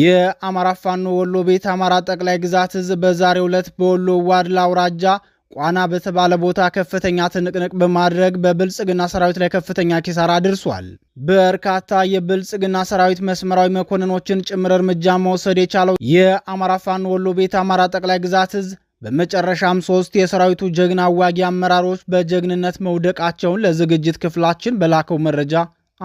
የአማራ ፋኖ ወሎ ቤት አማራ ጠቅላይ ግዛት እዝ በዛሬው ዕለት በወሎ ዋድላ አውራጃ ቋና በተባለ ቦታ ከፍተኛ ትንቅንቅ በማድረግ በብልጽግና ሰራዊት ላይ ከፍተኛ ኪሳራ አድርሷል። በርካታ የብልጽግና ሰራዊት መስመራዊ መኮንኖችን ጭምር እርምጃ መውሰድ የቻለው የአማራ ፋኖ ወሎ ቤት አማራ ጠቅላይ ግዛት እዝ በመጨረሻም ሶስት የሰራዊቱ ጀግና አዋጊ አመራሮች በጀግንነት መውደቃቸውን ለዝግጅት ክፍላችን በላከው መረጃ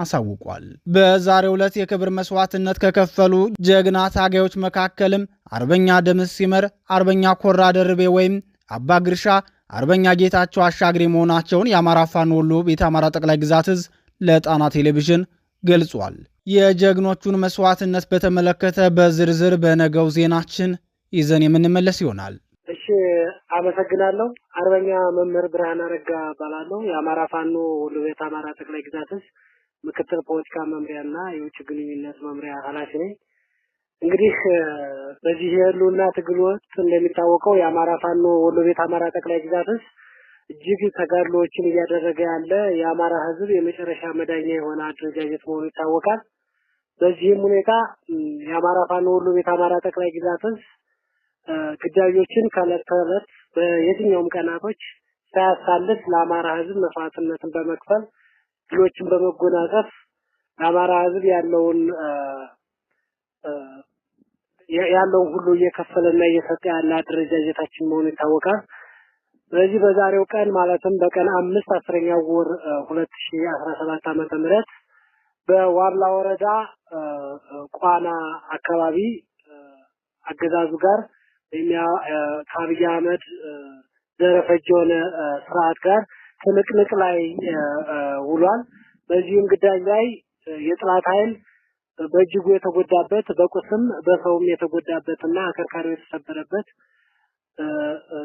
አሳውቋል። በዛሬው ዕለት የክብር መስዋዕትነት ከከፈሉ ጀግና ታጋዮች መካከልም አርበኛ ደምስ ሲመር፣ አርበኛ ኮራ ደርቤ ወይም አባ ግርሻ፣ አርበኛ ጌታቸው አሻግሬ መሆናቸውን የአማራ ፋኖ ወሎ ቤተ አማራ ጠቅላይ ግዛት እዝ ለጣና ቴሌቪዥን ገልጿል። የጀግኖቹን መስዋዕትነት በተመለከተ በዝርዝር በነገው ዜናችን ይዘን የምንመለስ ይሆናል። እሺ፣ አመሰግናለሁ። አርበኛ መምህር ብርሃን አረጋ እባላለሁ። የአማራ ፋኖ ወሎ ቤተ አማራ ጠቅላይ ግዛት እዝ ምክትል ፖለቲካ መምሪያና የውጭ ግንኙነት መምሪያ ኃላፊ ነኝ። እንግዲህ በዚህ የህልውና ትግል ወቅት እንደሚታወቀው የአማራ ፋኖ ወሎ ቤት አማራ ጠቅላይ ግዛት እጅግ ተጋድሎዎችን እያደረገ ያለ የአማራ ህዝብ የመጨረሻ መዳኛ የሆነ አደረጃጀት መሆኑ ይታወቃል። በዚህም ሁኔታ የአማራ ፋኖ ወሎ ቤት አማራ ጠቅላይ ግዛት ግዳጆችን ከዕለት በየትኛውም ቀናቶች ሳያሳልፍ ለአማራ ህዝብ መስዋዕትነትን በመክፈል ድሎችን በመጎናጸፍ ለአማራ ህዝብ ያለውን ያለውን ሁሉ እየከፈለና እየሰጠ ያለ አደረጃጀታችን መሆኑ ይታወቃል። ስለዚህ በዛሬው ቀን ማለትም በቀን አምስት አስረኛው ወር ሁለት ሺ አስራ ሰባት ዓመተ ምህረት በዋርላ ወረዳ ቋና አካባቢ አገዛዙ ጋር ወይም ከአብይ አህመድ ዘረፈጅ የሆነ ስርዓት ጋር ትንቅንቅ ላይ ውሏል። በዚህም ግዳጅ ላይ የጥላት ኃይል በእጅጉ የተጎዳበት በቁስም በሰውም የተጎዳበት እና አከርካሪ የተሰበረበት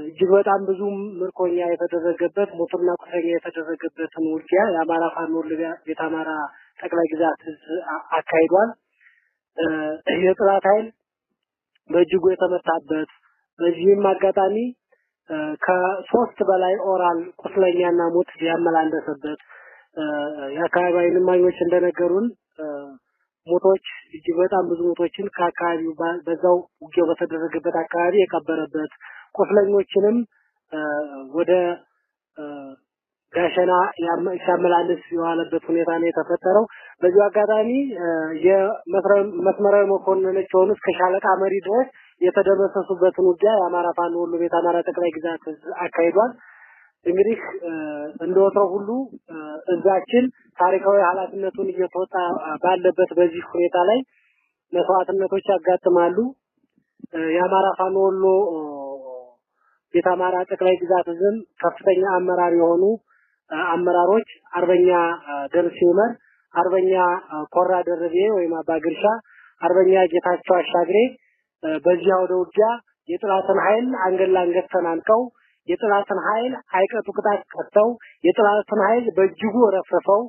እጅግ በጣም ብዙ ምርኮኛ የተደረገበት ሞትና ቁሰኛ የተደረገበትን ውጊያ የአማራ ፋኖ ቤት አማራ ጠቅላይ ግዛት አካሂዷል። የጥላት ኃይል በእጅጉ የተመታበት በዚህም አጋጣሚ ከሶስት በላይ ኦራል ቁስለኛና ሞት ያመላለሰበት የአካባቢ እማኞች እንደነገሩን ሞቶች እጅግ በጣም ብዙ ሞቶችን ከአካባቢው በዛው ውጊያው በተደረገበት አካባቢ የቀበረበት ቁስለኞችንም ወደ ጋሸና ሲያመላልስ የዋለበት ሁኔታ ነው የተፈጠረው። በዚሁ አጋጣሚ የመስመራዊ መኮንኖች የሆኑ እስከ ሻለቃ መሪ ድረስ የተደመሰሱበትን ውጊያ የአማራ ፋኖ ወሎ ቤት አማራ ጠቅላይ ግዛት አካሂዷል። እንግዲህ እንደ ሁሉ እዛችን ታሪካዊ ኃላፊነቱን እየተወጣ ባለበት በዚህ ሁኔታ ላይ መስዋዕትነቶች ያጋጥማሉ። የአማራ ፋኖ ወሎ ቤት አማራ ጠቅላይ ግዛት ዝም ከፍተኛ አመራር የሆኑ አመራሮች አርበኛ ደርስ ይመር፣ አርበኛ ኮራ ደርቤ ወይም አባ ግርሻ፣ አርበኛ ጌታቸው አሻግሬ በዚያ ወደ ውጊያ የጥላትን ኃይል አንገት ለአንገት ተናንቀው የጥላትን ኃይል አይቀጡ ቅጣት ቀጥተው የጥላትን ኃይል በእጅጉ ረፍርፈው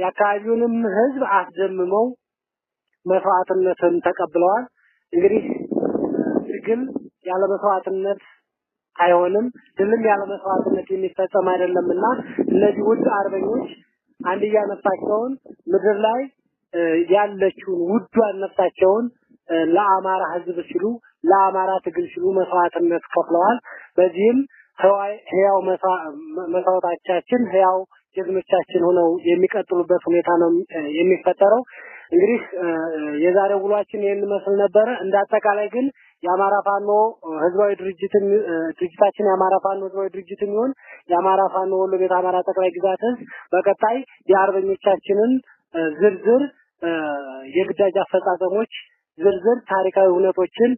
የአካባቢውንም ህዝብ አስደምመው መስዋዕትነትን ተቀብለዋል። እንግዲህ ትግል ያለ መስዋዕትነት አይሆንም፣ ድልም ያለ መስዋዕትነት የሚፈጸም አይደለምና እነዚህ ውድ አርበኞች አንድያ ነፍሳቸውን ምድር ላይ ያለችውን ውዷን ነፍሳቸውን ለአማራ ህዝብ ሲሉ ለአማራ ትግል ሲሉ መስዋዕትነት ከፍለዋል። በዚህም ህያው መስዋዕታቻችን ህያው ጀግኖቻችን ሆነው የሚቀጥሉበት ሁኔታ ነው የሚፈጠረው። እንግዲህ የዛሬው ውሏችን ይህን መስል ነበረ። እንደ አጠቃላይ ግን የአማራ ፋኖ ህዝባዊ ድርጅትን ድርጅታችን የአማራ ፋኖ ህዝባዊ ድርጅትም ይሁን የአማራ ፋኖ ወሎ ቤት አማራ ጠቅላይ ግዛት ህዝብ በቀጣይ የአርበኞቻችንን ዝርዝር የግዳጅ አፈጻጸሞች ዝርዝር ታሪካዊ እውነቶችን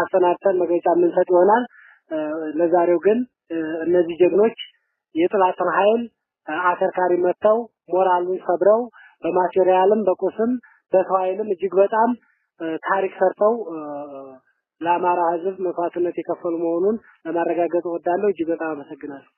አሰናድተን መግለጫ የምንሰጥ ይሆናል። ለዛሬው ግን እነዚህ ጀግኖች የጥላትን ኃይል አከርካሪ መጥተው ሞራሉን ሰብረው በማቴሪያልም በቁስም በሰው ኃይልም እጅግ በጣም ታሪክ ሰርተው ለአማራ ሕዝብ መስዋዕትነት የከፈሉ መሆኑን ለማረጋገጥ እወዳለሁ። እጅግ በጣም አመሰግናለሁ።